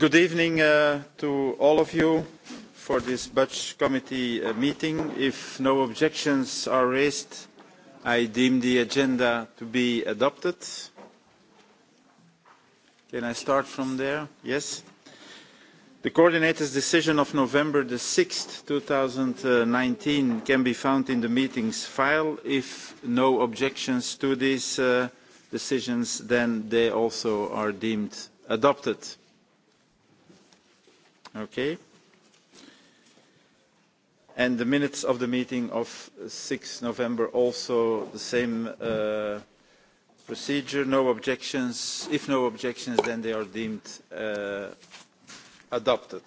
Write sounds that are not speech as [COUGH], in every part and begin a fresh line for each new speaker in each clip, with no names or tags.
Good evening uh, to all of you for this Budget Committee uh, meeting. If no objections are raised, I deem the agenda to be adopted. Can I start from there? Yes. The coordinator's decision of November the 6th, 2019 can be found in the meeting's file. If no objections to these uh, decisions, then they also are deemed adopted. Okay. And the minutes of the meeting of 6 November also the same uh, procedure, no objections. If no objections, then they are deemed uh, adopted.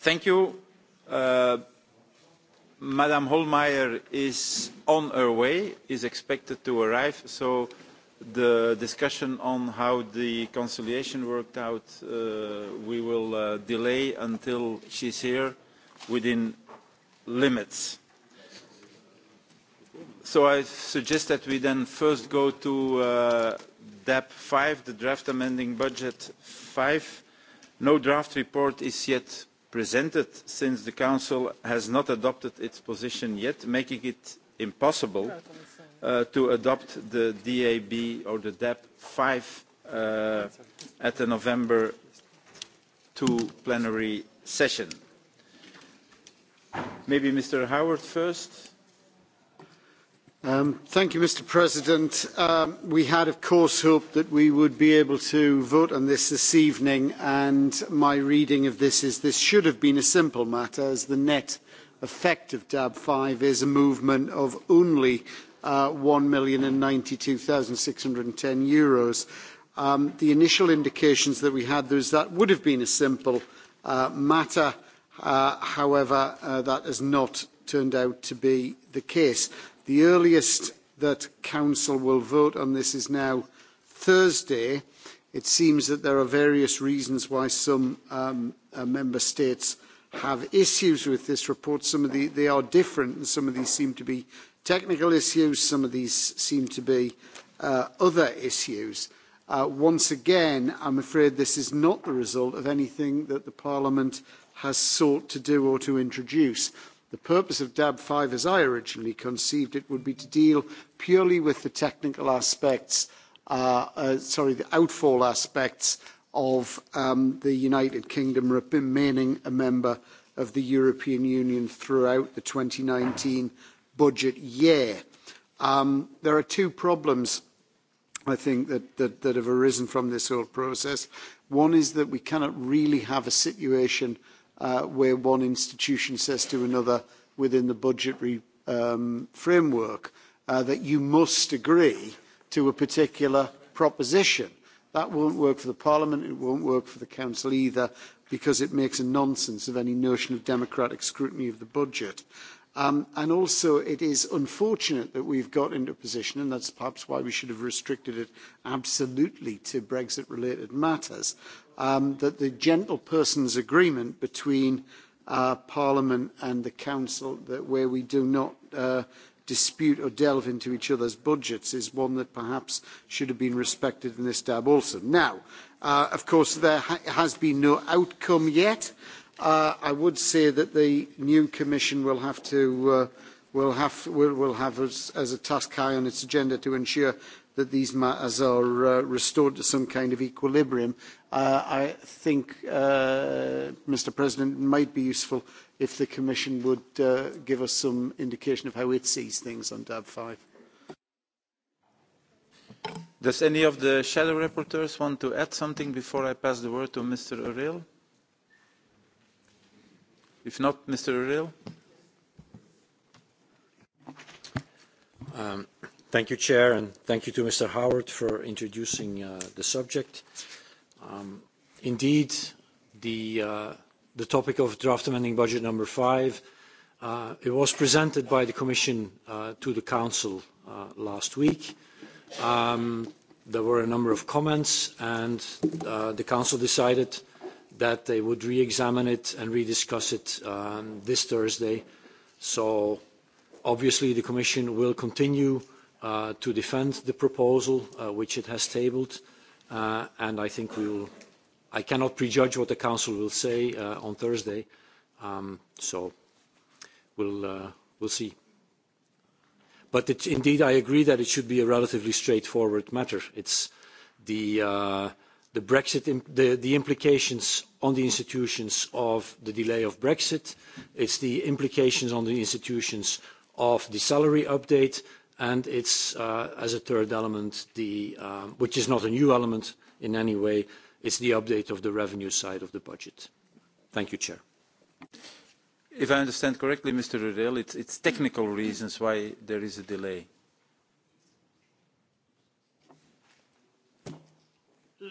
Thank you. Uh, Madam Holmeyer is on her way, is expected to arrive, so the discussion on how the conciliation worked out, uh, we will uh, delay until she's here within limits. So I suggest that we then first go to uh, DAP 5, the draft amending budget 5. No draft report is yet presented since the Council has not adopted its position yet, making it impossible Uh, to adopt the DAB or the DAP 5 uh, at the November 2 plenary session.
Maybe Mr. Howard first. Um, thank you, Mr. President. Um, we had, of course, hoped that we would be able to vote on this this evening, and my reading of this is this should have been a simple matter, as the net effect of DAB 5 is a movement of only Uh, and ten euros. Um, the initial indications that we had was that would have been a simple uh, matter. Uh, however, that has not turned out to be the case. The earliest that Council will vote on this is now Thursday. It seems that there are various reasons why some um, Member States have issues with this report. Some of the, they are different and some of these seem to be Technical issues, some of these seem to be uh, other issues. Uh, once again, I'm afraid this is not the result of anything that the Parliament has sought to do or to introduce. The purpose of DAB 5, as I originally conceived it, would be to deal purely with the technical aspects, uh, sorry, the outfall aspects of um, the United Kingdom remaining a member of the European Union throughout the 2019 budget year. Um, there are two problems, I think, that, that, that have arisen from this whole process. One is that we cannot really have a situation uh, where one institution says to another within the budgetary um, framework uh, that you must agree to a particular proposition. That won't work for the Parliament, it won't work for the Council either, because it makes a nonsense of any notion of democratic scrutiny of the budget. Um, and also, it is unfortunate that we've got into a position, and that's perhaps why we should have restricted it absolutely to Brexit-related matters, um, that the gentle persons agreement between uh, Parliament and the Council, that where we do not uh, dispute or delve into each other's budgets, is one that perhaps should have been respected in this tab also. Now, uh, of course, there has been no outcome yet. Uh, I would say that the new Commission will have to uh, will have will, will have as, as a task high on its agenda to ensure that these matters are uh, restored to some kind of equilibrium. Uh, I think, uh, Mr President, it might be useful if the Commission would uh, give us some indication of how it sees things on DAB 5.
Does any of the shadow rapporteurs want to add something before I pass the word to Mr O'Reilly? If not, Mr. Uriel. Um,
thank you, Chair, and thank you to Mr. Howard for introducing uh, the subject. Um, indeed, the, uh, the topic of draft amending budget number five, uh, it was presented by the Commission uh, to the Council uh, last week. Um, there were a number of comments, and uh, the Council decided – that they would re-examine it and rediscuss it um, this Thursday. So obviously the Commission will continue uh, to defend the proposal uh, which it has tabled, uh, and I think we will. I cannot prejudge what the Council will say on Thursday, um, so we'll we'll see. But it's indeed, I agree that it should be a relatively straightforward matter. It's the the Brexit, the, implications on the institutions of the delay of Brexit. It's the implications on the institutions of the salary update, and it's, uh, as a third element, the, um, which is not a new element in any way,
it's the update of the revenue side of the budget. Thank you, Chair. If I understand correctly, Mr. Rudel, it it's technical reasons why there is a delay.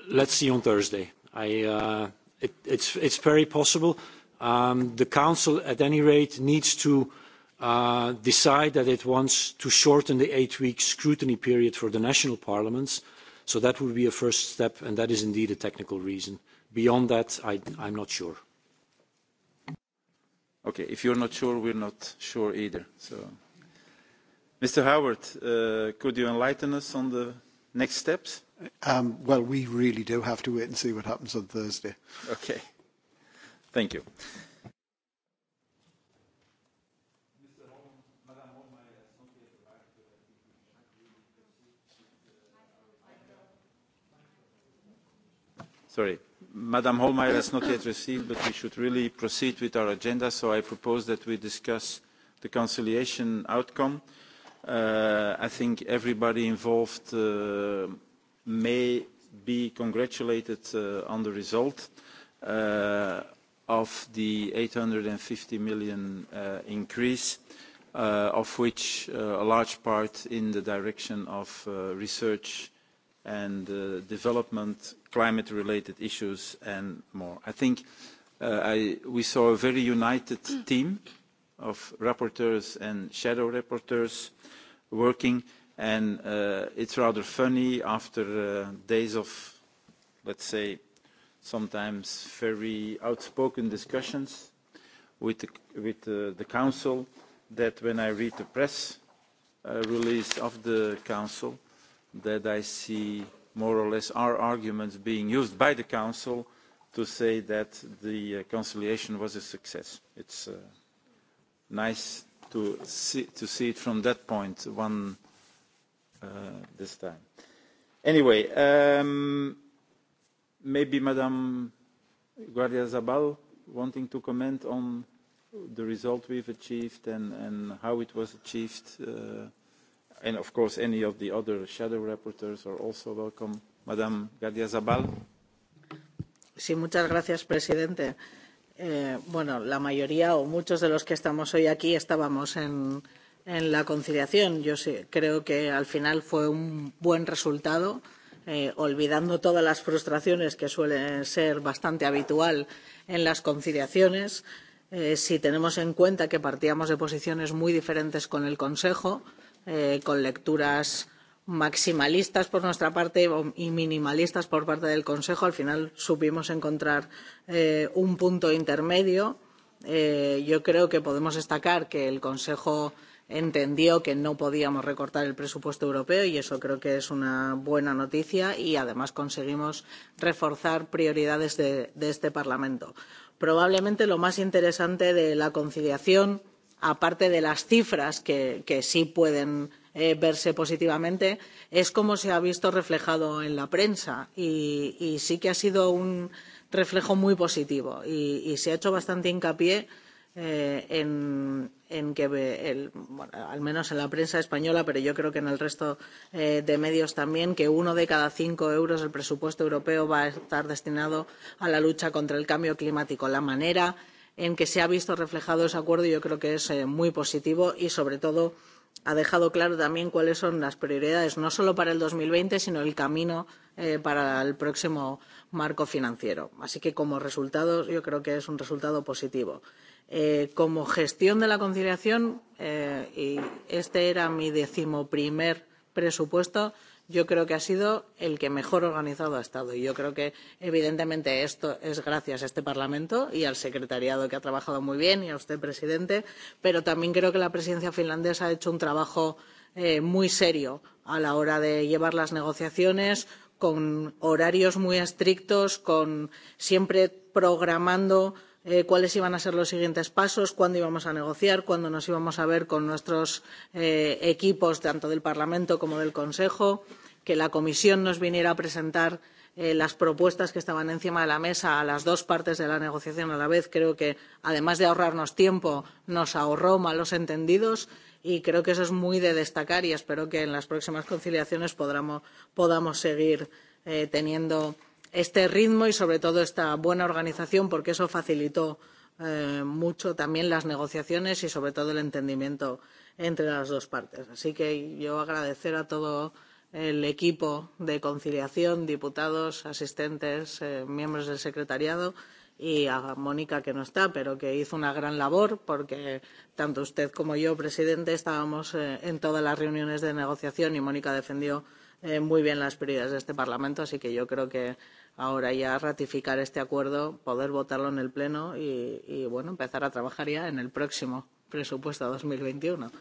let's see on Thursday. I, uh, it's, it's very possible. Um, the council, at any rate, needs to uh, decide that it wants to shorten the eight-week scrutiny period for the national parliaments. So that would be a first step, and that is indeed
a technical reason. Beyond that, I, I'm not sure. Okay, if you're not sure, we're not sure either. So, Mr. Howard, uh, could you enlighten us on the next steps?
Um, well, we really do have to wait and see what happens on Thursday. Okay. Thank you.
Sorry, Madam Holmeyer has not yet received, but we should really proceed with our agenda, so I propose that we discuss the conciliation outcome. Uh, I think everybody involved uh, may be congratulated uh, on the result uh, of the 850 million uh, increase of which a large part in the direction of research and development, climate-related issues, and more. I think we saw a very united team of rapporteurs and shadow rapporteurs working and uh, it's rather funny after uh, days of let's say sometimes very outspoken discussions with the, with the council that when i read the press uh, release of the council that i see more or less our arguments being used by the council to say that the uh, conciliation was a success it's nice to see to see it from that point one Uh, this time. Anyway, um, maybe Madam Guardia Zabal wanting to comment on the result we've achieved and, and how it was achieved. Uh, and of course, any of the other shadow rapporteurs are also welcome. Madam Guardia Zabal.
Sí, muchas gracias, presidente. Eh, bueno, la mayoría o muchos de los que estamos hoy aquí estábamos en, en la conciliación. Yo sí, creo que al final fue un buen resultado, eh, olvidando todas las frustraciones que suelen ser bastante habitual en las conciliaciones. Eh, si tenemos en cuenta que partíamos de posiciones muy diferentes con el Consejo, eh, con lecturas maximalistas por nuestra parte y minimalistas por parte del Consejo, al final supimos encontrar eh, un punto intermedio. Eh, yo creo que podemos destacar que el Consejo entendió que no podíamos recortar el presupuesto europeo y eso creo que es una buena noticia y además conseguimos reforzar prioridades de, este Parlamento. Probablemente lo más interesante de la conciliación, aparte de las cifras que, sí pueden eh, verse positivamente, es cómo se ha visto reflejado en la prensa y, y sí que ha sido un reflejo muy positivo y, y se ha hecho bastante hincapié eh, en, en que eh, el, bueno, al menos en la prensa española, pero yo creo que en el resto eh, de medios también, que uno de cada cinco euros del presupuesto europeo va a estar destinado a la lucha contra el cambio climático. La manera en que se ha visto reflejado ese acuerdo yo creo que es eh, muy positivo y, sobre todo, ha dejado claro también cuáles son las prioridades, no solo para el 2020, sino el camino eh, para el próximo marco financiero. Así que, como resultado, yo creo que es un resultado positivo. Eh, como gestión de la conciliación, eh, y este era mi decimoprimer presupuesto, yo creo que ha sido el que mejor organizado ha estado. Y yo creo que, evidentemente, esto es gracias a este Parlamento y al secretariado que ha trabajado muy bien y a usted, presidente, pero también creo que la presidencia finlandesa ha hecho un trabajo eh, muy serio a la hora de llevar las negociaciones con horarios muy estrictos, con siempre programando eh, cuáles iban a ser los siguientes pasos, cuándo íbamos a negociar, cuándo nos íbamos a ver con nuestros eh, equipos, tanto del Parlamento como del Consejo, que la Comisión nos viniera a presentar eh, las propuestas que estaban encima de la mesa a las dos partes de la negociación a la vez. Creo que, además de ahorrarnos tiempo, nos ahorró malos entendidos y creo que eso es muy de destacar y espero que en las próximas conciliaciones podamos, podamos seguir eh, teniendo este ritmo y sobre todo esta buena organización porque eso facilitó eh, mucho también las negociaciones y sobre todo el entendimiento entre las dos partes. Así que yo agradecer a todo el equipo de conciliación, diputados, asistentes, eh, miembros del secretariado y a Mónica que no está, pero que hizo una gran labor porque tanto usted como yo, presidente, estábamos eh, en todas las reuniones de negociación y Mónica defendió muy bien las prioridades de este Parlamento, así que yo creo que ahora ya ratificar este acuerdo, poder votarlo en el Pleno y, y bueno, empezar a trabajar ya en el próximo presupuesto 2021.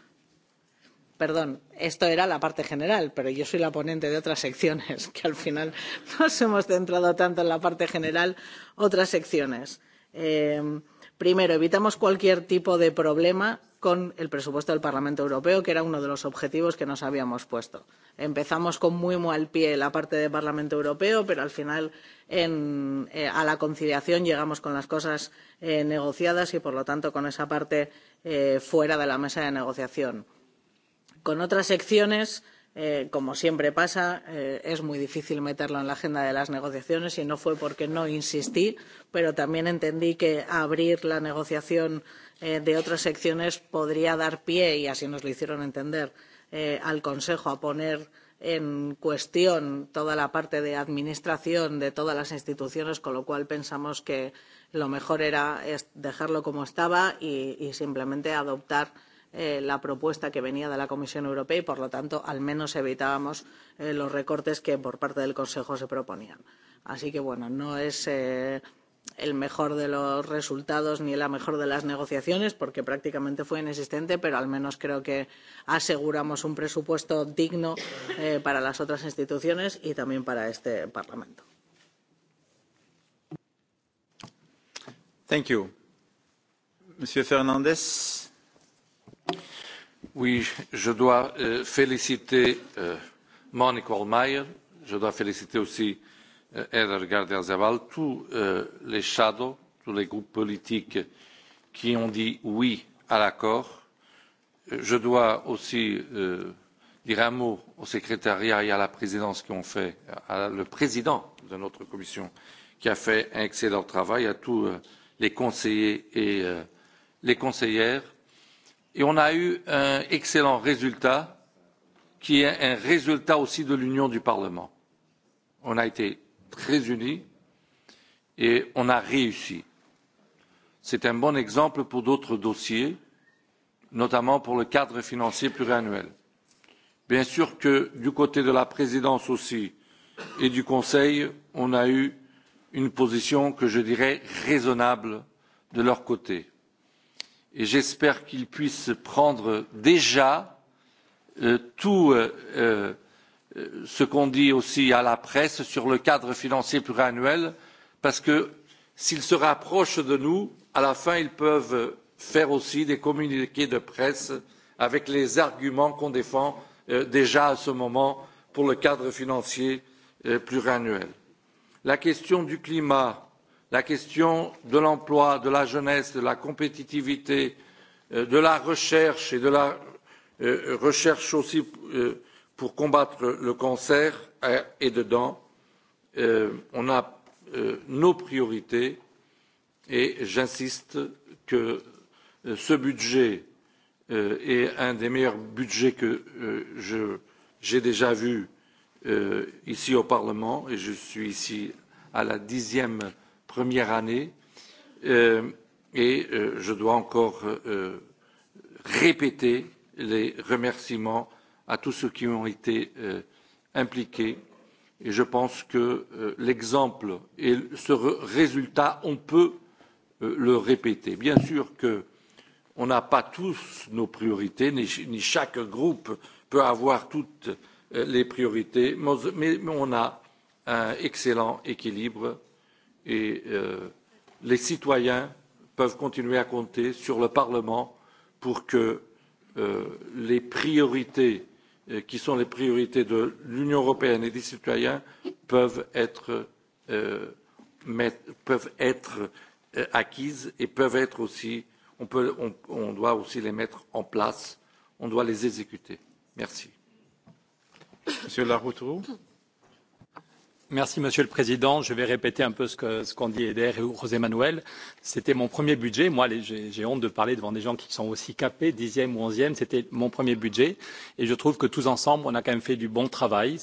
Perdón, esto era la parte general, pero yo soy la ponente de otras secciones, [LAUGHS] que al final nos hemos centrado tanto en la parte general, otras secciones. Eh, primero, evitamos cualquier tipo de problema con el presupuesto del Parlamento Europeo, que era uno de los objetivos que nos habíamos puesto. Empezamos con muy mal pie la parte del Parlamento Europeo, pero al final en, eh, a la conciliación llegamos con las cosas eh, negociadas y, por lo tanto, con esa parte eh, fuera de la mesa de negociación. Con otras secciones, eh, como siempre pasa, eh, es muy difícil meterlo en la agenda de las negociaciones y no fue porque no insistí, pero también entendí que abrir la negociación Eh, de otras secciones podría dar pie, y así nos lo hicieron entender, eh, al Consejo a poner en cuestión toda la parte de administración de todas las instituciones, con lo cual pensamos que lo mejor era dejarlo como estaba y, simplemente adoptar eh, la propuesta que venía de la Comisión Europea y, por lo tanto, al menos evitábamos eh, los recortes que por parte del Consejo se proponían. Así que, bueno, no es el mejor de los resultados ni la mejor de las negociaciones porque prácticamente fue inexistente pero al menos creo que aseguramos un presupuesto digno eh, para las otras instituciones y también para este Parlamento.
Thank you. Monsieur
Fernandez. Oui, je dois euh, féliciter euh, Monica Je dois féliciter aussi Euh, Eder Gardia tous euh, les shadows, tous les groupes politiques qui ont dit oui à l'accord. Euh, je dois aussi euh, dire un mot au secrétariat et à la présidence qui ont fait, à le président de notre commission qui a fait un excellent travail, à tous euh, les conseillers et euh, les conseillères. Et on a eu un excellent résultat qui est un résultat aussi de l'union du Parlement. On a été très unis et on a réussi. C'est un bon exemple pour d'autres dossiers, notamment pour le cadre financier pluriannuel. Bien sûr que du côté de la présidence aussi et du Conseil, on a eu une position que je dirais raisonnable de leur côté. Et j'espère qu'ils puissent prendre déjà euh, tout euh, euh, ce qu'on dit aussi à la presse sur le cadre financier pluriannuel parce que s'ils se rapprochent de nous à la fin ils peuvent faire aussi des communiqués de presse avec les arguments qu'on défend euh, déjà à ce moment pour le cadre financier euh, pluriannuel. la question du climat la question de l'emploi de la jeunesse de la compétitivité euh, de la recherche et de la recherche aussi pour combattre le cancer et dedans euh, on a euh, nos priorités et j'insiste que euh, ce budget euh, est un des meilleurs budgets que j'ai déjà vu ici au Parlement et je suis ici à la dixième première année et je dois encore répéter les remerciements à tous ceux qui ont été euh, impliqués. Et je pense que euh, l'exemple et ce résultat, on peut euh, le répéter. Bien sûr que on n'a pas tous nos priorités, ni, ni chaque groupe peut avoir toutes euh, les priorités, mais, mais on a un excellent équilibre et euh, les citoyens peuvent continuer à compter sur le Parlement pour que euh, les priorités Euh, qui sont les priorités de l'Union européenne et des citoyens peuvent être, euh, peuvent être euh, acquises et peuvent être aussi, on, peut, on, on doit aussi les mettre en place, on doit les exécuter. Merci. Monsieur Laroutourou.
Merci, Monsieur le Président. Je vais répéter un peu ce qu'ont ce qu dit Eder et José Manuel. C'était mon premier budget. Moi, j'ai honte de parler devant des gens qui sont aussi capés, dixième ou onzième. C'était mon premier budget. Et je trouve que tous ensemble, on a quand même fait du bon travail.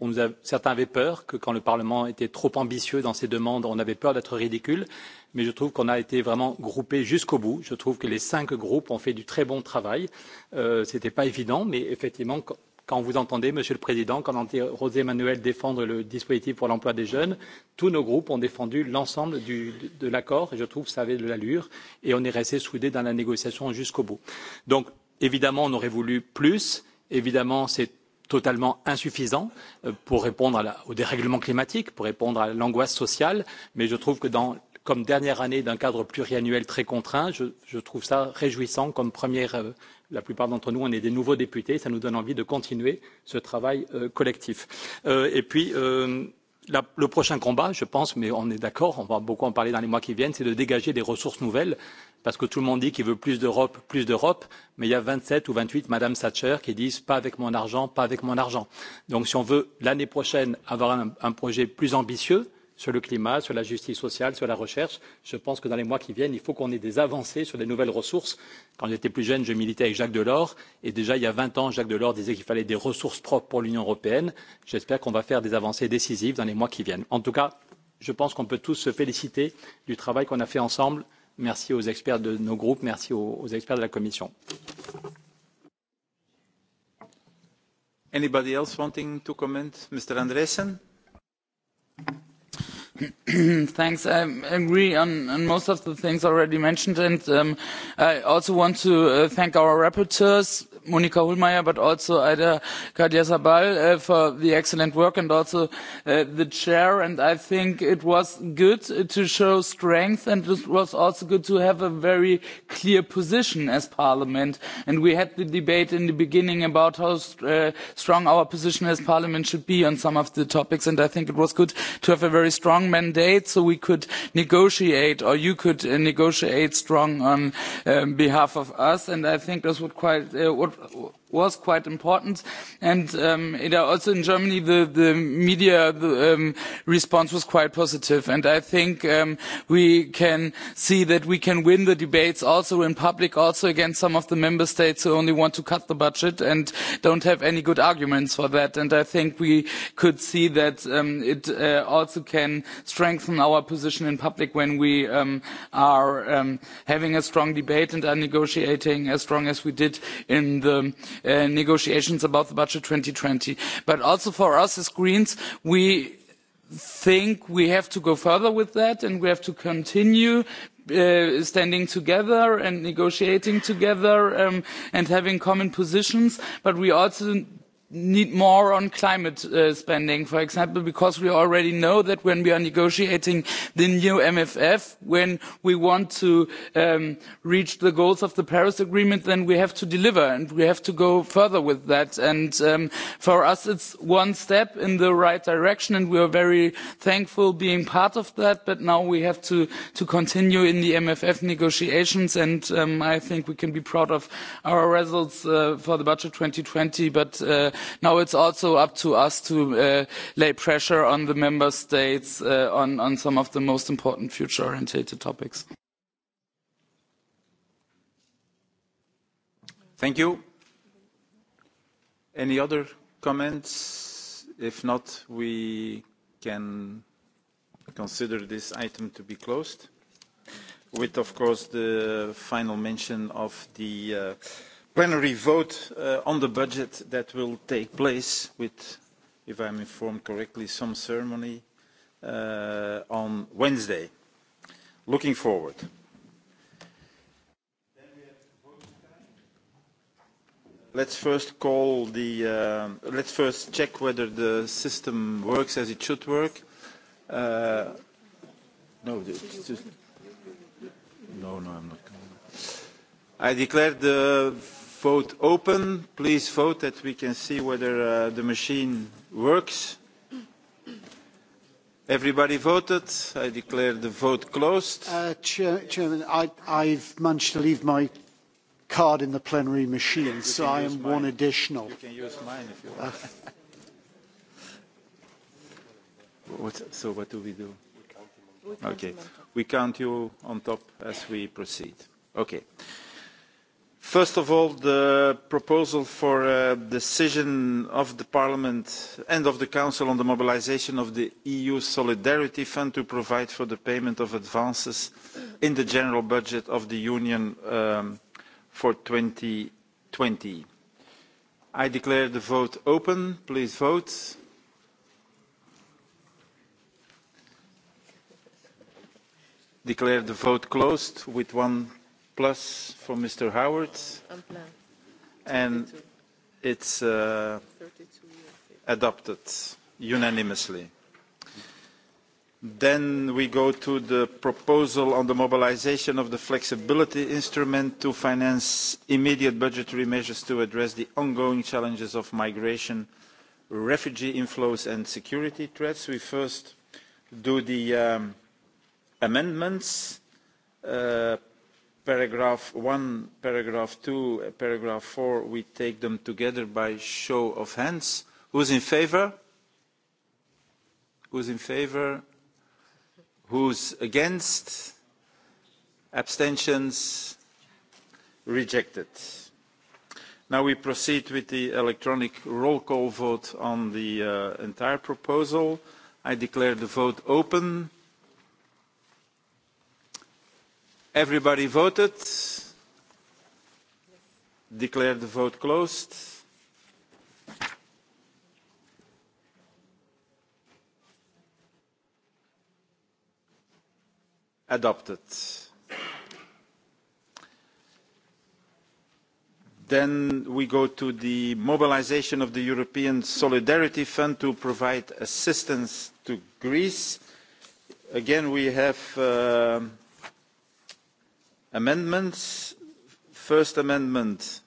On nous a, certains avaient peur que quand le Parlement était trop ambitieux dans ses demandes, on avait peur d'être ridicule. Mais je trouve qu'on a été vraiment groupés jusqu'au bout. Je trouve que les cinq groupes ont fait du très bon travail. Euh, Ce n'était pas évident, mais effectivement, quand vous entendez, Monsieur le Président, quand Rosé José Manuel défendre le dispositif pour l'emploi des jeunes, tous nos groupes ont défendu l'ensemble de, de l'accord et je trouve que ça avait de l'allure et on est resté soudés dans la négociation jusqu'au bout. Donc évidemment, on aurait voulu plus, évidemment, c'est totalement insuffisant euh, pour répondre au dérèglement climatique, pour répondre à l'angoisse sociale, mais je trouve que dans comme dernière année d'un cadre pluriannuel très contraint, je, je trouve ça réjouissant comme première euh, la plupart d'entre nous, on est des nouveaux députés, ça nous donne envie de continuer ce travail euh, collectif. Euh, et puis, euh, la, le prochain combat, je pense, mais on est d'accord, on va beaucoup en parler dans les mois qui viennent, c'est de dégager des ressources nouvelles, parce que tout le monde dit qu'il veut plus d'Europe, plus d'Europe, mais il y a 27 ou 28 Madame Thatcher qui disent pas avec mon argent, pas avec mon argent. Donc si on veut l'année prochaine avoir un, un projet plus ambitieux, sur le climat, sur la justice sociale, sur la recherche. Je pense que dans les mois qui viennent, il faut qu'on ait des avancées sur les nouvelles ressources. Quand j'étais plus jeune, je militais avec Jacques Delors. Et déjà, il y a 20 ans, Jacques Delors disait qu'il fallait des ressources propres pour l'Union européenne. J'espère qu'on va faire des avancées décisives dans les mois qui viennent. En tout cas, je pense qu'on peut tous se féliciter du travail qu'on a fait ensemble. Merci aux experts de nos groupes, merci aux, experts de la Commission.
Anybody else wanting to comment? Mr. Andresen?
[CLEARS THROAT] Thanks. I agree on, on most of the things already mentioned, and um, I also want to uh, thank our rapporteurs Monika Hohlmeier, but also Ida Kadia-Sabal uh, for the excellent work and also uh, the chair. And I think it was good to show strength and it was also good to have a very clear position as Parliament. And we had the debate in the beginning about how uh, strong our position as Parliament should be on some of the topics. And I think it was good to have a very strong mandate so we could negotiate or you could negotiate strong on um, behalf of us. And I think that's what quite, what a was quite important and um, it also in germany the the media the, um, response was quite positive and i think um, we can see that we can win the debates also in public also against some of the member states who only want to cut the budget and don't have any good arguments for that and i think we could see that um, it uh, also can strengthen our position in public when we um, are um, having a strong debate and are negotiating as strong as we did in the Uh, negotiations about the budget twenty. But also for us as Greens, we think we have to go further with that and we have to continue uh, standing together and negotiating together um, and having common positions but we also need more on climate uh, spending for example because we already know that when we are negotiating the new mff when we want to um, reach the goals of the paris agreement then we have to deliver and we have to go further with that and um, for us it's one step in the right direction and we are very thankful being part of that but now we have to to continue in the mff negotiations and um, i think we can be proud of our results uh, for the budget 2020 but uh, now it's also up to us to uh, lay pressure on the member states uh, on, on some of the most important future oriented topics
thank you any other comments if not we can consider this item to be closed with of course the final mention of the uh, plenary vote uh, on the budget that will take place with, if I am informed correctly, some ceremony uh, on Wednesday. Looking forward. Let's first call the, uh, let's first check whether the system works as it should work. Uh, no, no, I'm not. I declare the vote open. Please vote that we can see whether uh, the machine works. Everybody voted. I declare the vote closed.
Uh, Chair, Chairman, I, I've managed to leave my card in the plenary machine, so I am one additional. You can
use mine if you uh, want. [LAUGHS] what, so what do we do? We okay, we count you on top as we proceed. Okay first of all the proposal for a decision of the parliament and of the council on the mobilisation of the eu solidarity fund to provide for the payment of advances in the general budget of the union um, for 2020 i declare the vote open please vote declare the vote closed with one plus for Mr. Howard. And it's uh, adopted unanimously. Then we go to the proposal on the mobilization of the flexibility instrument to finance immediate budgetary measures to address the ongoing challenges of migration, refugee inflows and security threats. We first do the um, amendments. Uh, paragraph one, paragraph two, paragraph four, we take them together by show of hands. Who's in favor? Who's in favor? Who's against? Abstentions? Rejected. Now we proceed with the electronic roll call vote on the uh, entire proposal. I declare the vote open. Everybody voted. Declare the vote closed. Adopted. Then we go to the mobilization of the European Solidarity Fund to provide assistance to Greece. Again, we have. Uh, amendments first amendment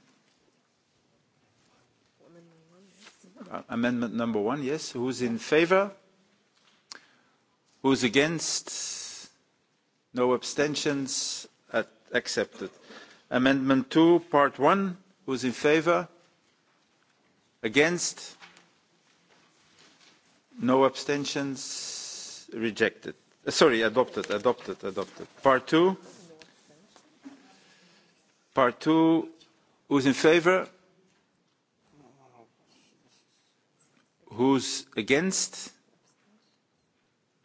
amendment number one yes who's in favor who's against no abstentions At, accepted amendment two part one who's in favor against no abstentions rejected uh, sorry adopted adopted adopted part two Part two, who's in favor? Who's against?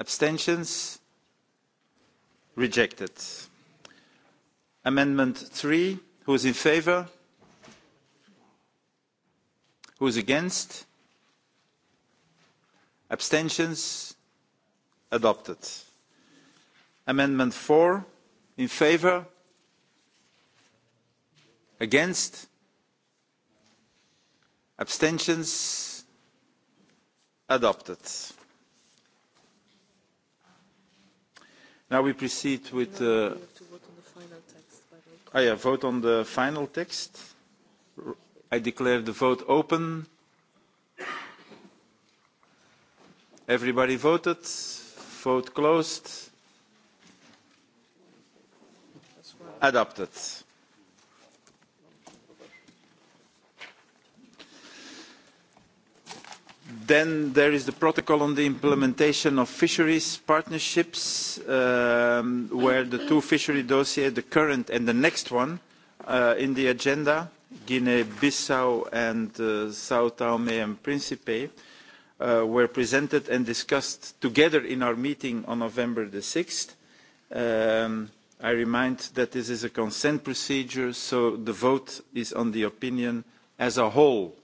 Abstentions? Rejected. Amendment three, who's in favor? Who's against? Abstentions? Adopted. Amendment four, in favor? against abstentions adopted now we proceed with uh, the i oh, vote on the final text i declare the vote open everybody voted vote closed adopted Then there is the protocol on the implementation of fisheries partnerships, um, where the two fishery dossiers, the current and the next one uh, in the agenda, Guinea-Bissau and uh, Sao Tome and Principe, uh, were presented and discussed together in our meeting on November the 6th. Um, I remind that this is a consent procedure, so the vote is on the opinion as a whole.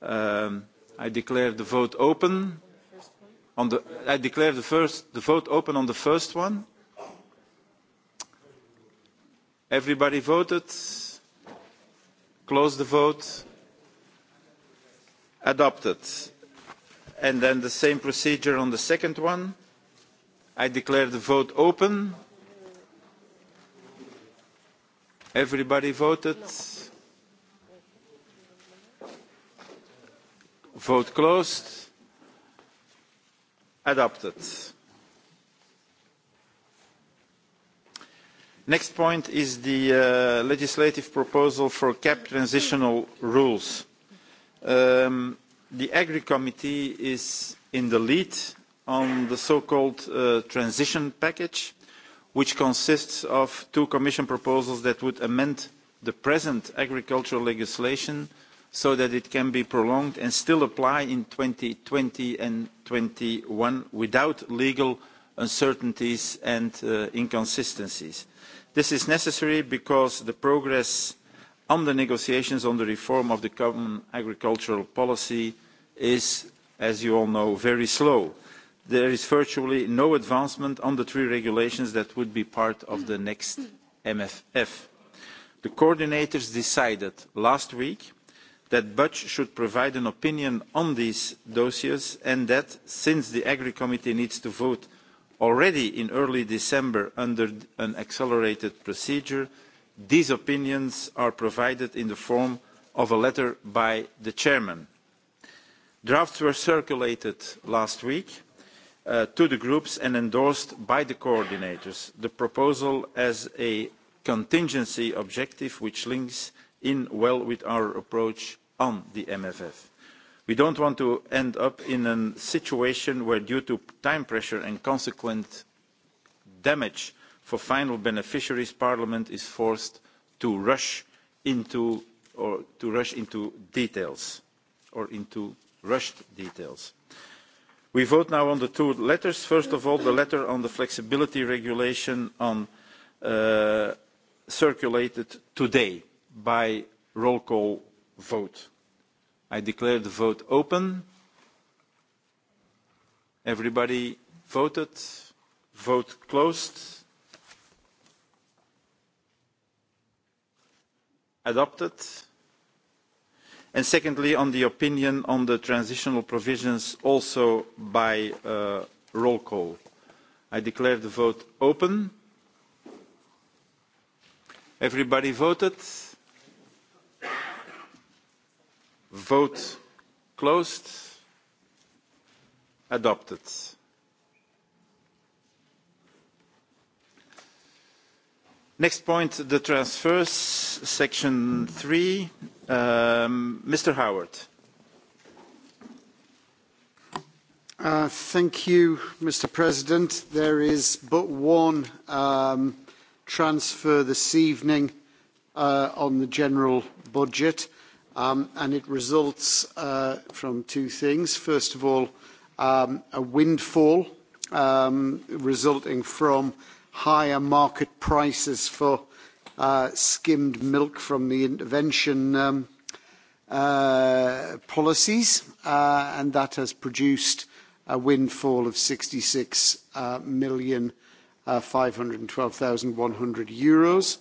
Um, i declare the vote open on the I declare the first the vote open on the first one. Everybody voted. Close the vote. Adopted. And then the same procedure on the second one. I declare the vote open. Everybody voted. vote closed adopted next point is the uh, legislative proposal for cap transitional rules um, the agri committee is in the lead on the so called uh, transition package which consists of two commission proposals that would amend the present agricultural legislation so that it can be prolonged and still apply in 2020 and 2021 without legal uncertainties and uh, inconsistencies. This is necessary because the progress on the negotiations on the reform of the common agricultural policy is, as you all know, very slow. There is virtually no advancement on the three regulations that would be part of the next MFF. The coordinators decided last week that budget should provide an opinion on these dossiers and that, since the Agri Committee needs to vote already in early December under an accelerated procedure, these opinions are provided in the form of a letter by the Chairman. Drafts were circulated last week uh, to the groups and endorsed by the coordinators. The proposal as a contingency objective which links in well with our approach on the MFF. We don't want to end up in a situation where due to time pressure and consequent damage for final beneficiaries, Parliament is forced to rush into or to rush into details or into rushed details. We vote now on the two letters. First of all, the letter on the flexibility regulation on uh, circulated today by roll call vote. I declare the vote open. Everybody voted. Vote closed. Adopted. And secondly, on the opinion on the transitional provisions, also by uh, roll call. I declare the vote open. Everybody voted. Vote closed. Adopted. Next point, the transfers, section three. Um, Mr. Howard.
Uh, thank you, Mr. President. There is but one um, transfer this evening uh, on the general budget. Um, and it results uh, from two things. First of all, um, a windfall um, resulting from higher market prices for uh, skimmed milk from the intervention um, uh, policies, and that has produced a windfall of 66 million 512,100 euros.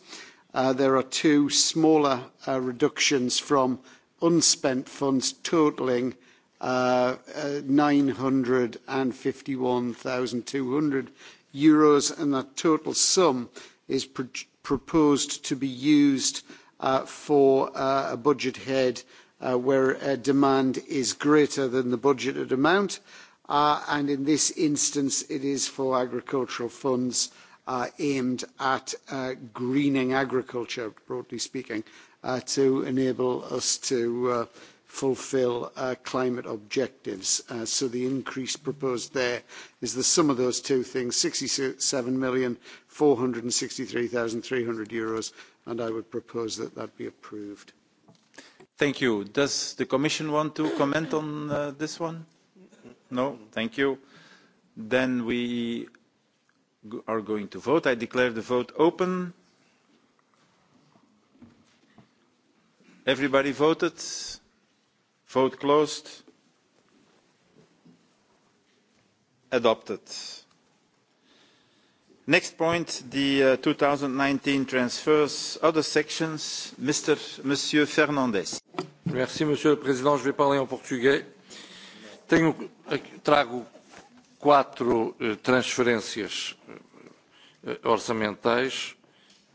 Uh, there are two smaller uh, reductions from unspent funds totaling uh, 951,200 uh, euros, and that total sum is proposed to be used for a budget head where demand is greater than the budgeted amount, and in this instance, it is for agricultural funds uh, aimed at uh, greening agriculture, broadly speaking, uh, to enable us to uh, fulfill uh, climate objectives. so the increase proposed there is the sum of those two things, 67,463,300 euros, and I would propose that that be approved.
Thank you. Does the Commission want to comment on this one? No? Thank you. Then we are going to vote. I declare the vote open. Everybody voted. Vote closed. Adopted. Next point, the 2019 uh, transfers, other sections.
Mr. Monsieur Fernandez. Merci, Monsieur le Président. Je vais parler en portugais. Tenho, eh, trago quatro eh, transferências eh, orçamentais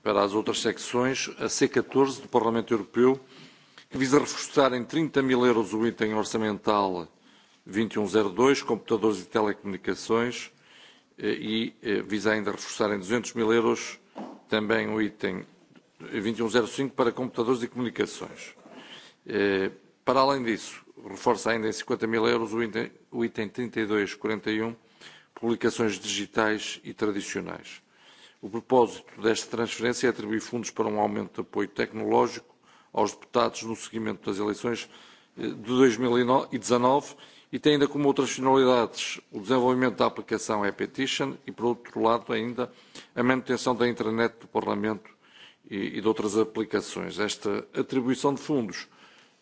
para as outras secções, a C14 do Parlamento Europeu, que visa reforçar em 30 mil euros o item orçamental 2102, e um computadores e telecomunicações, eh, e visa ainda reforçar em 200 mil euros também o item 2105 e um para computadores e comunicações. Para além disso, reforça ainda em 50 mil euros o item 3241, e e um, publicações digitais e tradicionais. O propósito desta transferência é atribuir fundos para um aumento de apoio tecnológico aos deputados no seguimento das eleições eh, de 2019 e, e tem ainda como outras finalidades o desenvolvimento da aplicação e-petition e, por outro lado, ainda a manutenção da intranet do Parlamento e de outras aplicações. Esta atribuição de fundos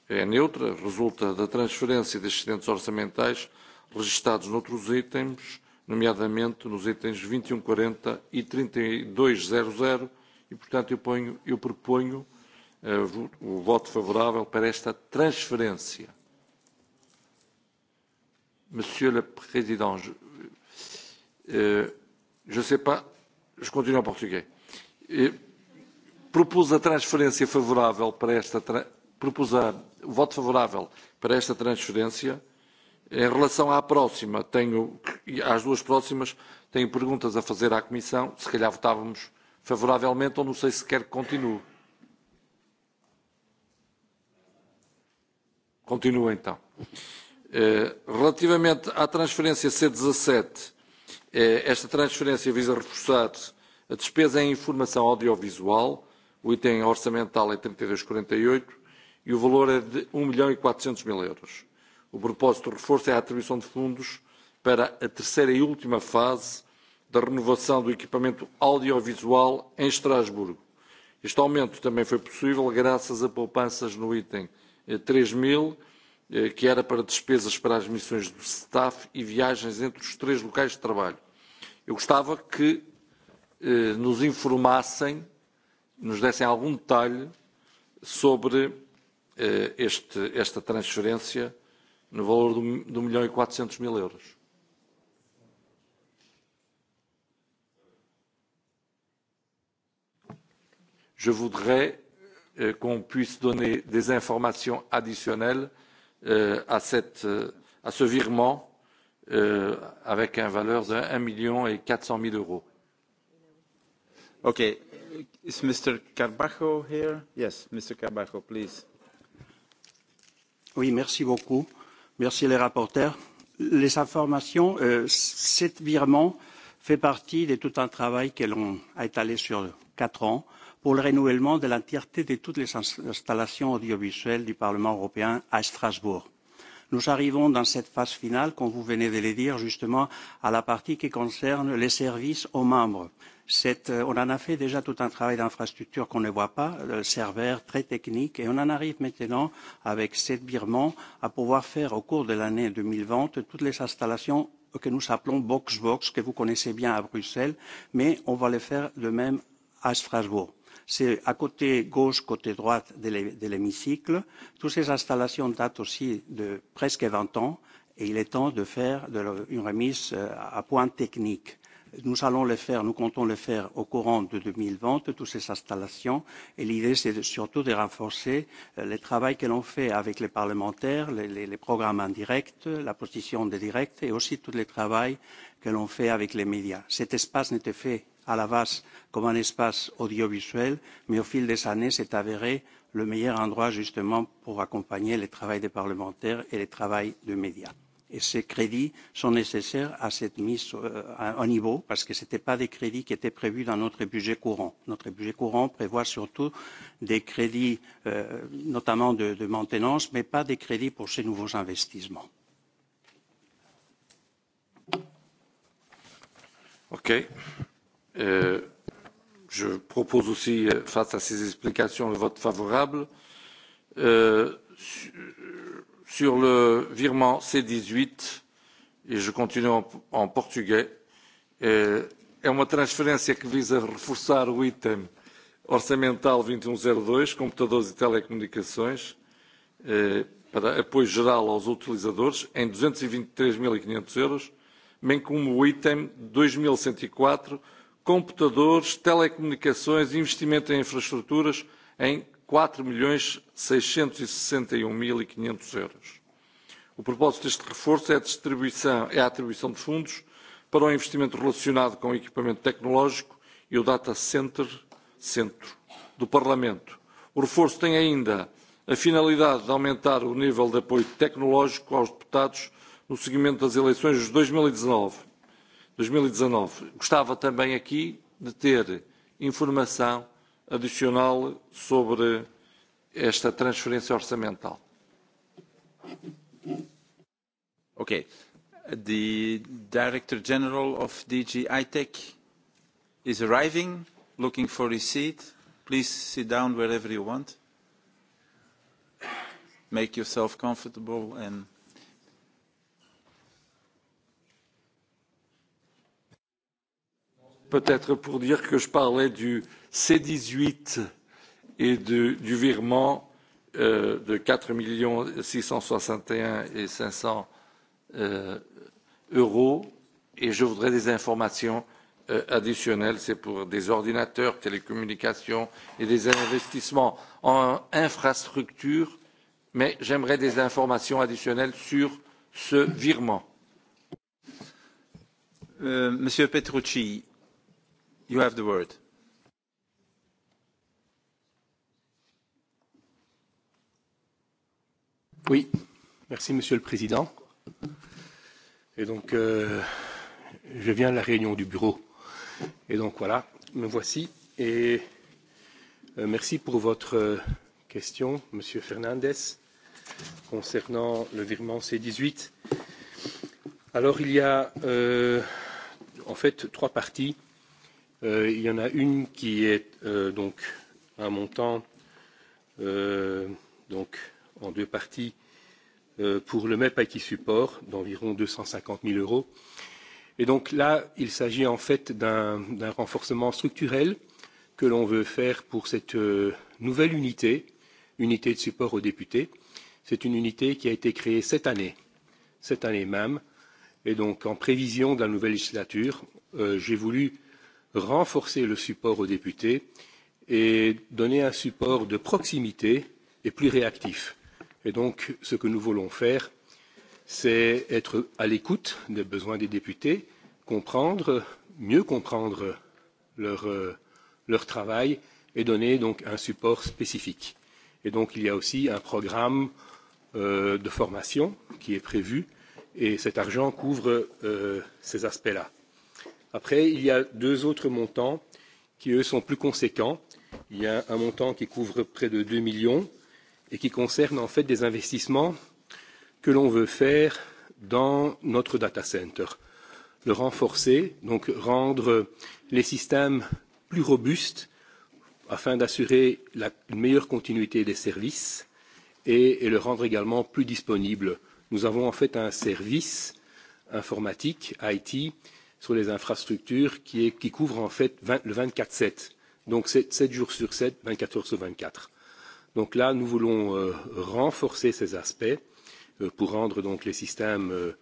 é neutra, resulta da transferência de excedentes orçamentais registados noutros itens, nomeadamente nos itens 2140 e 3200, um e, e, e, portanto, eu, ponho, eu proponho uh, o voto favorável para esta transferência. Monsieur le Président, je, euh, je sais pas, je continue en portugais. Eh, propus a transferência favorável para esta transferência Propus o voto favorável para esta transferência. Em relação à próxima, tenho, e às duas próximas, tenho perguntas a fazer à Comissão. Se calhar votávamos favoravelmente ou não sei se quer que continue. Continua então. Eh, relativamente à transferência C17, eh, esta transferência visa reforçar a despesa em informação audiovisual, o item orçamental é 3248, e o valor é de 1 um milhão e 400 mil euros. O propósito do reforço é a atribuição de fundos para a terceira e última fase da renovação do equipamento audiovisual em Estrasburgo. Este aumento também foi possível graças a poupanças no item 3000, eh, eh, que era para despesas para as missões do staff e viagens entre os três locais de trabalho. Eu gostava que eh, nos informassem, nos dessem algum detalhe sobre Eh, este, esta transferência no valor de, de 1 milhão e 400 mil euros. Je voudrais euh, qu'on puisse donner des informations additionnelles euh, à, cette, à ce virement euh, avec un valeur de 1 million et 400 000 euros. Ok. Is Mr. Carbajo here?
Yes,
Mr. Carbajo, please. Oui, merci beaucoup. Merci les rapporteurs. Les informations, euh, cet virement fait partie de tout un travail que l'on a étalé sur quatre ans pour le renouvellement de l'entièreté de toutes les installations audiovisuelles du Parlement européen à Strasbourg. Nous arrivons dans cette phase finale, comme vous venez de le dire, justement à la partie qui concerne les services aux membres. Cette, euh, on en a fait déjà tout un travail d'infrastructure qu'on ne voit pas, le euh, serveur très technique, et on en arrive maintenant avec cette birman à pouvoir faire au cours de l'année 2020 toutes les installations que nous appelons box Box, que vous connaissez bien à Bruxelles, mais on va les faire le même à Strasbourg. C'est à côté gauche, côté droite de l'hémicycle. Toutes ces installations datent aussi de presque 20 ans et il est temps de faire de, une remise euh, à point technique Nous allons le faire, nous comptons le faire au courant de 2020, toutes ces installations. Et l'idée, c'est surtout de renforcer euh, le travail que l'on fait avec les parlementaires, les, les, les programmes en direct, la position des directs et aussi tout le travail que l'on fait avec les médias. Cet espace n'était fait à la base comme un espace audiovisuel, mais au fil des années, s'est avéré le meilleur endroit justement pour accompagner le travail des parlementaires et le travail des médias. Et ces crédits sont nécessaires à cette mise euh, à niveau parce que ce n'étaient pas des crédits qui étaient prévus dans notre budget courant. Notre budget courant prévoit surtout des crédits, euh, notamment de, de maintenance, mais pas des crédits pour ces nouveaux investissements.
OK. Euh, je propose aussi, euh, face à ces explications, le vote favorable. Euh, Sur le virement C18, e je continuo em, em português, eh, é uma transferência que visa reforçar o item orçamental 2102, e um computadores e telecomunicações, eh, para apoio geral aos utilizadores, em 223.500 e e euros, bem como o item 2104, computadores, telecomunicações e investimento em infraestruturas, em 4 milhões 661 e e um e euros. O propósito deste reforço é a, distribuição, é a atribuição de fundos para o investimento relacionado com o equipamento tecnológico e o data center centro do Parlamento. O reforço tem ainda a finalidade de aumentar o nível de apoio tecnológico aos deputados no seguimento das eleições de 2019. 2019. Gostava também aqui de ter informação adicional sobre esta transferência orçamental. Okay. The Director General of DG ITEC
is arriving, looking for his seat. Please sit down wherever you want. Make yourself comfortable and
Peut-être pour dire que je parlais du c dix huit et du virement euh, de quatre six cent soixante et un et cinq cents euh, euros et je voudrais des informations euh, additionnelles c'est pour des ordinateurs télécommunications et des investissements en infrastructures mais j'aimerais des informations additionnelles sur ce virement.
Euh, monsieur Petrucci, you have the word.
Oui, merci Monsieur le Président. Et donc, euh, je viens de la réunion du bureau. Et donc voilà, me voici. Et euh, merci pour votre euh, question, Monsieur Fernandez, concernant le virement C18. Alors, il y a euh, en fait trois parties. Euh, il y en a une qui est euh, donc un montant euh, donc en deux parties euh, pour le MEP IT Support d'environ 250 zéro euros. Et donc là, il s'agit en fait d'un renforcement structurel que l'on veut faire pour cette euh, nouvelle unité, unité de support aux députés. C'est une unité qui a été créée cette année, cette année même. Et donc, en prévision de la nouvelle législature, euh, j'ai voulu renforcer le support aux députés et donner un support de proximité et plus réactif et donc ce que nous voulons faire c'est être à l'écoute des besoins des députés comprendre mieux comprendre leur euh, leur travail et donner donc un support spécifique et donc il y a aussi un programme euh, de formation qui est prévu et cet argent couvre euh, ces aspects-là après il y a deux autres montants qui eux sont plus conséquents il y a un montant qui couvre près de 2 millions et qui concerne en fait des investissements que l'on veut faire dans notre data center. Le renforcer, donc rendre les systèmes plus robustes afin d'assurer une meilleure continuité des services et, et le rendre également plus disponible. Nous avons en fait un service informatique, IT, sur les infrastructures qui, est, qui couvre en fait 20, le 24-7. Donc c'est 7 jours sur 7, 24 heures sur 24. Donc là, nous voulons euh, renforcer ces aspects euh, pour rendre donc les systèmes euh,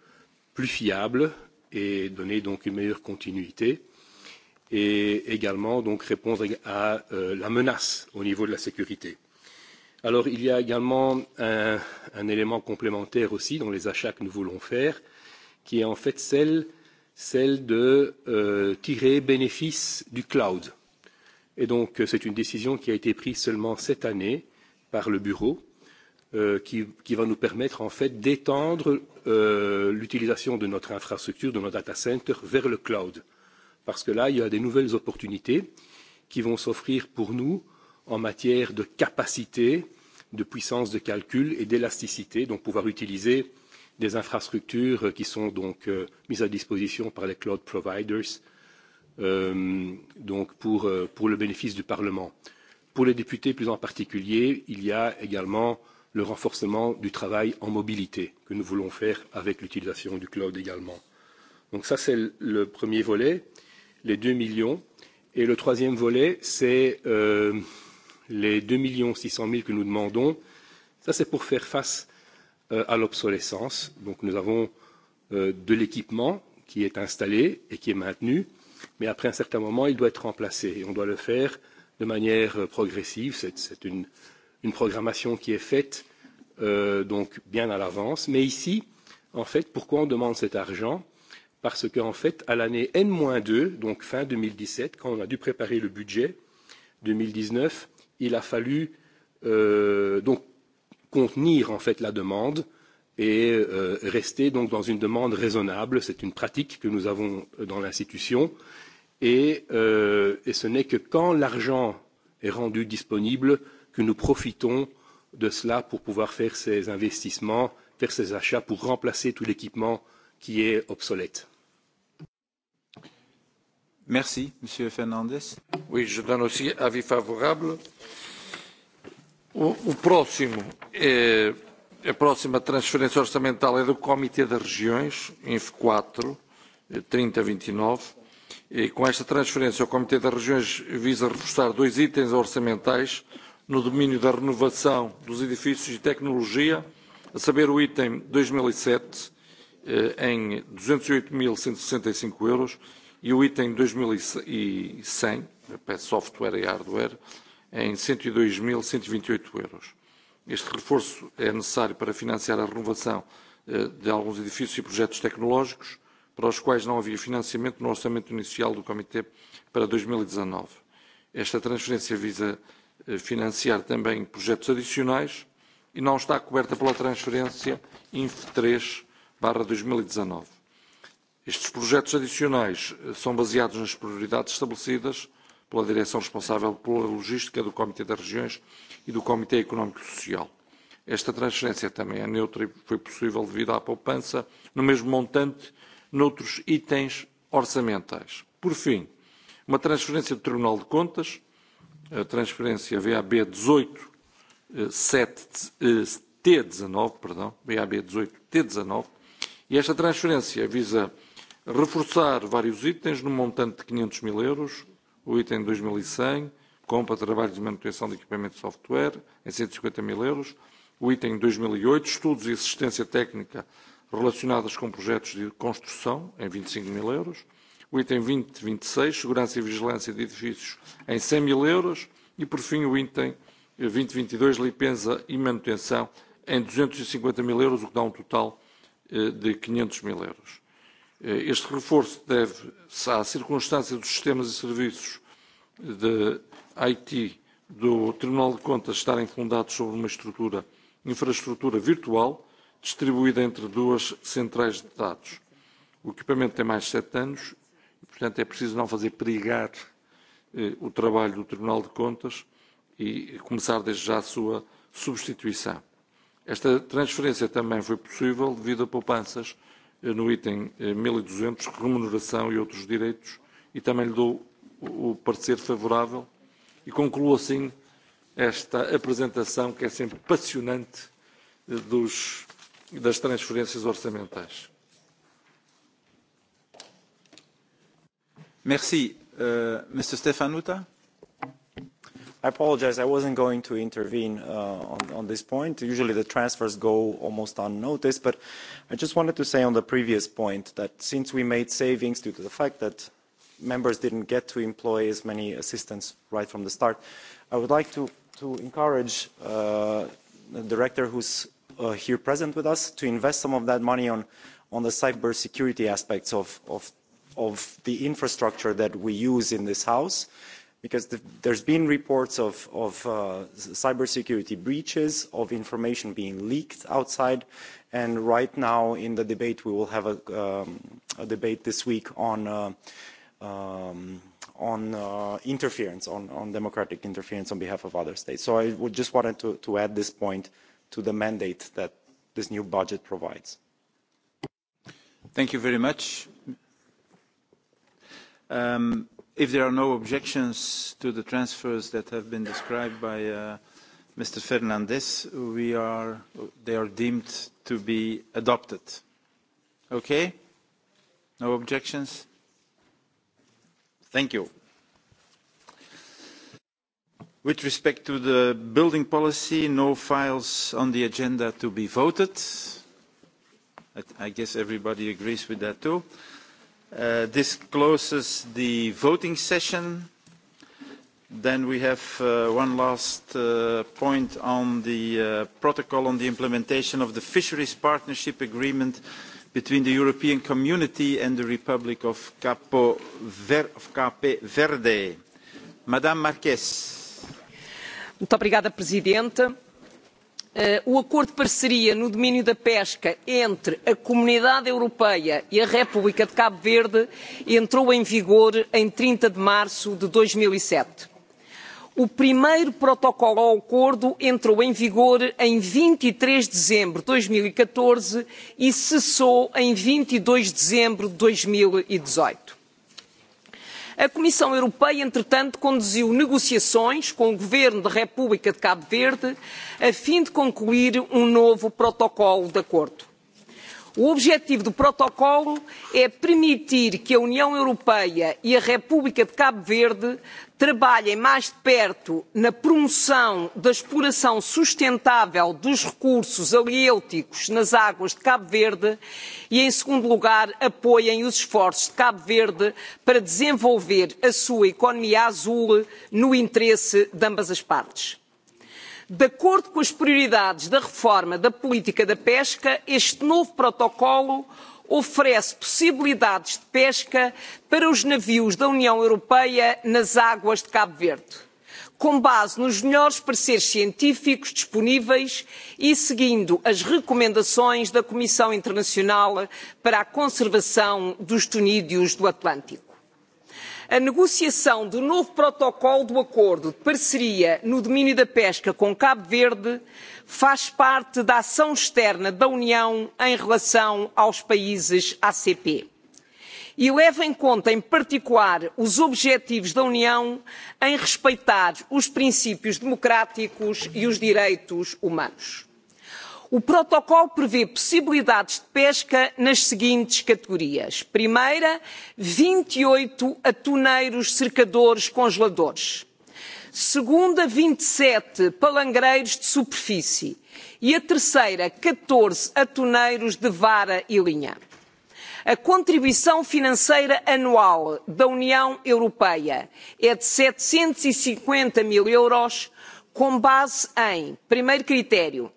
plus fiables et donner donc une meilleure continuité et également donc répondre à euh, la menace au niveau de la sécurité. Alors il y a également un, un élément complémentaire aussi dans les achats que nous voulons faire, qui est en fait celle, celle de euh, tirer bénéfice du cloud. Et donc euh, c'est une décision qui a été prise seulement cette année par le bureau euh, qui, qui va nous permettre en fait d'étendre euh, l'utilisation de notre infrastructure, de nos data centers vers le cloud. Parce que là, il y a des nouvelles opportunités qui vont s'offrir pour nous en matière de capacité, de puissance de calcul et d'élasticité, donc pouvoir utiliser des infrastructures qui sont donc euh, mises à disposition par les cloud providers euh, donc pour, euh, pour le bénéfice du Parlement. Pour les députés plus en particulier, il y a également le renforcement du travail en mobilité que nous voulons faire avec l'utilisation du cloud également. Donc ça, c'est le premier volet, les 2 millions. Et le troisième volet, c'est euh, les 2 millions 600 000 que nous demandons. Ça, c'est pour faire face euh, à l'obsolescence. Donc nous avons euh, de l'équipement qui est installé et qui est maintenu, mais après un certain moment, il doit être remplacé. Et on doit le faire de manière euh, progressive. C'est une, une programmation qui est faite euh, donc bien à l'avance. Mais ici, en fait, pourquoi on demande cet argent Parce qu'en fait, à l'année N-2, donc fin 2017, quand on a dû préparer le budget 2019, il a fallu euh, donc contenir en fait la demande et euh, rester donc dans une demande raisonnable. C'est une pratique que nous avons euh, dans l'institution et, euh, et ce n'est que quand l'argent est rendu disponible que nous profitons de cela pour pouvoir faire ces investissements, faire ces achats pour remplacer tout l'équipement qui est obsolète. Merci,
Monsieur Fernandez.
Oui, je donne aussi avis favorable.
O, o próximo, é, a próxima transferência orçamental é do Comitê das Regiões, INF 4, 3029 E, com esta transferência, o Comitê das Regiões visa reforçar dois itens orçamentais no domínio da renovação dos edifícios e tecnologia, a saber o item 2007 e eh, em 208.165 e e euros e o item 2100, eh, software e hardware, em 102.128 euros. Este reforço é necessário para financiar a renovação eh, de alguns edifícios e projetos tecnológicos para os quais não havia financiamento no orçamento inicial do Comitê para 2019. E Esta transferência visa eh, financiar também projetos adicionais e não está coberta pela transferência INF 3 barra 2019. E Estes projetos adicionais eh, são baseados nas prioridades estabelecidas pela direção responsável pela logística do Comitê das Regiões e do Comitê Económico e Social. Esta transferência também é neutra e foi possível devido à poupança no mesmo montante noutros itens orçamentais. Por fim, uma transferência do Tribunal de Contas, a transferência VAB 18, 7, T19, perdão, VAB 18, T19, e esta transferência visa reforçar vários itens no montante de 500 mil euros, o item 2100, e compra, trabalhos de manutenção de equipamento de software, em 150 e mil euros, o item 2008, e estudos e assistência técnica relacionadas com projetos de construção, em 25 e mil euros. O item 2026, e segurança e vigilância de edifícios, em 100 mil euros. E, por fim, o item 2022, e limpeza e manutenção, em 250 mil euros, o que dá um total eh, de 500 mil euros. Eh, este reforço deve-se à circunstância dos sistemas e serviços de IT do Tribunal de Contas estarem fundados sobre uma estrutura, infraestrutura virtual, distribuída entre duas centrais de dados. O equipamento tem mais de sete anos e, portanto, é preciso não fazer perigar eh, o trabalho do Tribunal de Contas e começar desde já a sua substituição. Esta transferência também foi possível devido a poupanças eh, no item eh, 1200, e remuneração e outros direitos, e também lhe dou o parecer favorável e concluo assim esta apresentação que é sempre apaixonante eh, dos E das transferências orçamentais. Merci.
Uh, Mr. Stefanuta? I apologize. I wasn't going to intervene uh,
on, on this point. Usually the transfers go almost unnoticed, but I just wanted to say on the previous point that since we made savings due to the fact that members didn't get to employ as many assistants right from the start, I would like to, to encourage uh, the director who's Uh, here present with us to invest some of that money on, on the cybersecurity aspects of, of, of the infrastructure that we use in this House, because the, there's been reports of, of uh, cybersecurity breaches, of information being leaked outside, and right now in the debate, we will have a, um, a debate this week on uh, um, on uh, interference, on, on democratic interference on behalf of other states. So I would just wanted to, to add this point to the mandate that this new budget provides.
Thank you very much. Um, if there are no objections to the transfers that have been described by uh, Mr. Fernandez, we are, they are deemed to be adopted. Okay? No objections? Thank you. With respect to the building policy, no files on the agenda to be voted. I guess everybody agrees with that too. Uh, this closes the voting session. Then we have uh, one last uh, point on the protocol on the implementation of the Fisheries Partnership Agreement between the European Community and the Republic of Capo Cape
Verde. Madame Marques. Muito obrigada, Presidente. Eh, o acordo de parceria no domínio da pesca entre a Comunidade Europeia e a República de Cabo Verde entrou em vigor em 30 de março de mil 2007. E o primeiro protocolo ao acordo entrou em vigor em 23 e de dezembro de 2014 e, e cessou em 22 de dezembro de mil 2018 a Comissão Europeia, entretanto, conduziu negociações com o Governo da República de Cabo Verde a fim de concluir um novo protocolo de acordo. O objetivo do protocolo é permitir que a União Europeia e a República de Cabo Verde trabalhem mais de perto na promoção da exploração sustentável dos recursos halieuticos nas águas de Cabo Verde e, em segundo lugar, apoiem os esforços de Cabo Verde para desenvolver a sua economia azul no interesse de ambas as partes. De acordo com as prioridades da reforma da política da pesca, este novo protocolo oferece possibilidades de pesca para os navios da União Europeia nas águas de Cabo Verde, com base nos melhores pareceres científicos disponíveis e seguindo as recomendações da Comissão Internacional para a Conservação dos Tunídeos do Atlântico a negociação do novo protocolo do acordo de parceria no domínio da pesca com cabo verde faz parte da ação externa da União em relação aos países ACP e leva em conta, em particular, os objetivos da União em respeitar os princípios democráticos e os direitos humanos. O protocolo prevê possibilidades de pesca nas seguintes categorias. Primeira, 28 e atuneiros cercadores congeladores segunda vinte e sete palangreiros de superfície e a terceira 14 atoneiros de vara e linha. A contribuição financeira anual da União Europeia é de 750 e mil euros com base em primeiro critério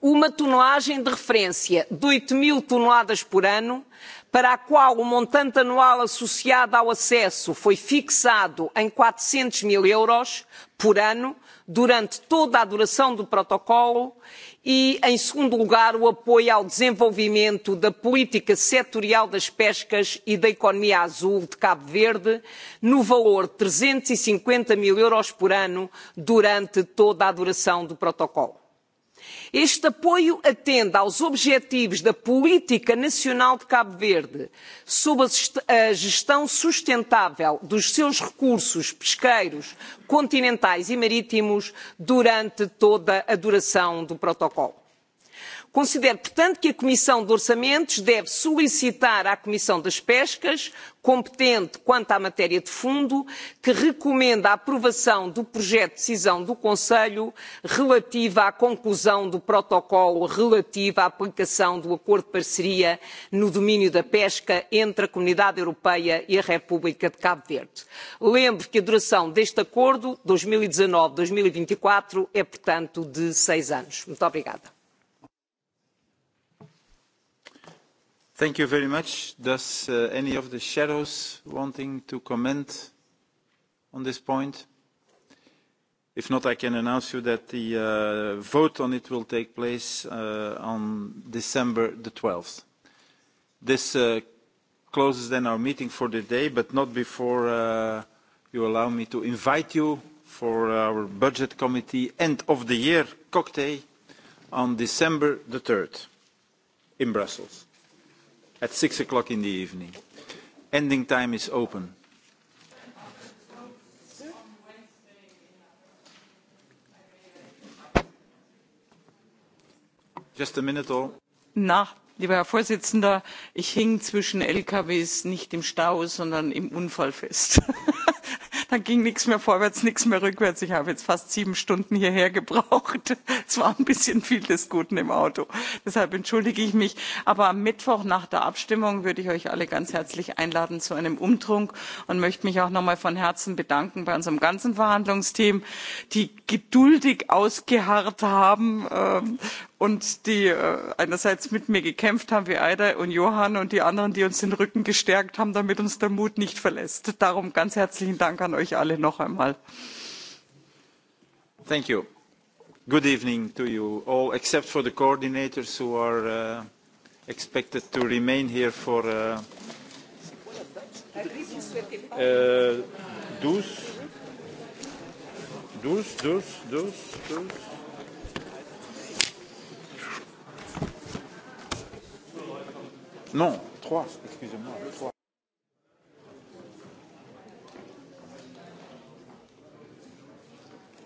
uma tonelagem de referência de 8 mil toneladas por ano, para a qual o montante anual associado ao acesso foi fixado em 400 mil euros por ano, durante toda a duração do protocolo e, em segundo lugar, o apoio ao desenvolvimento da política setorial das pescas e da economia azul de Cabo Verde, no valor de 350 mil euros por ano, durante toda a duração do protocolo este apoio atende aos objetivos da política nacional de cabo verde sob a gestão sustentável dos seus recursos pesqueiros continentais e marítimos durante toda a duração do protocolo considero portanto que a comissão de orçamentos deve solicitar à comissão das pescas competente quanto à matéria de fundo que recomenda a aprovação do projeto de decisão do conselho relativa à conclusão do protocolo relativo à aplicação do acordo de parceria no domínio da pesca entre a comunidade europeia e a república de cabo verde. lembro que a duração deste acordo dois mil e e e é portanto de seis anos. muito obrigada.
Thank you very much. Does uh, any of the shadows wanting to comment on this point? If not, I can announce you that the uh, vote on it will take place uh, on December the 12th. This closes then our meeting for the day, but not before you allow me to invite you for our budget committee end of the year cocktail on December the 3rd in Brussels at six o'clock in the evening. Ending time is open. Just a minute or...
Na, lieber Herr Vorsitzender, ich hing zwischen LKWs nicht im Stau, sondern im Unfall fest. [LAUGHS] [LAUGHS] dann ging nichts mehr vorwärts, nichts mehr rückwärts. Ich habe jetzt fast sieben Stunden hierher gebraucht. [LAUGHS] Es war ein bisschen viel des Guten im Auto. Deshalb entschuldige ich mich. Aber am Mittwoch nach der Abstimmung würde ich euch alle ganz herzlich einladen zu einem Umtrunk und möchte mich auch nochmal von Herzen bedanken bei unserem ganzen Verhandlungsteam, die geduldig ausgeharrt haben ähm, und die äh, einerseits mit mir gekämpft haben wie Aida und Johann und die anderen, die uns den Rücken gestärkt haben, damit uns der Mut nicht verlässt. Darum ganz herzlichen Dank an euch alle noch einmal. Thank you. Good
evening to you all, except for the coordinators who are uh, expected to remain here for uh, uh,
12, 12, 12, 12.
Non, trois, excusez-moi.
Trois.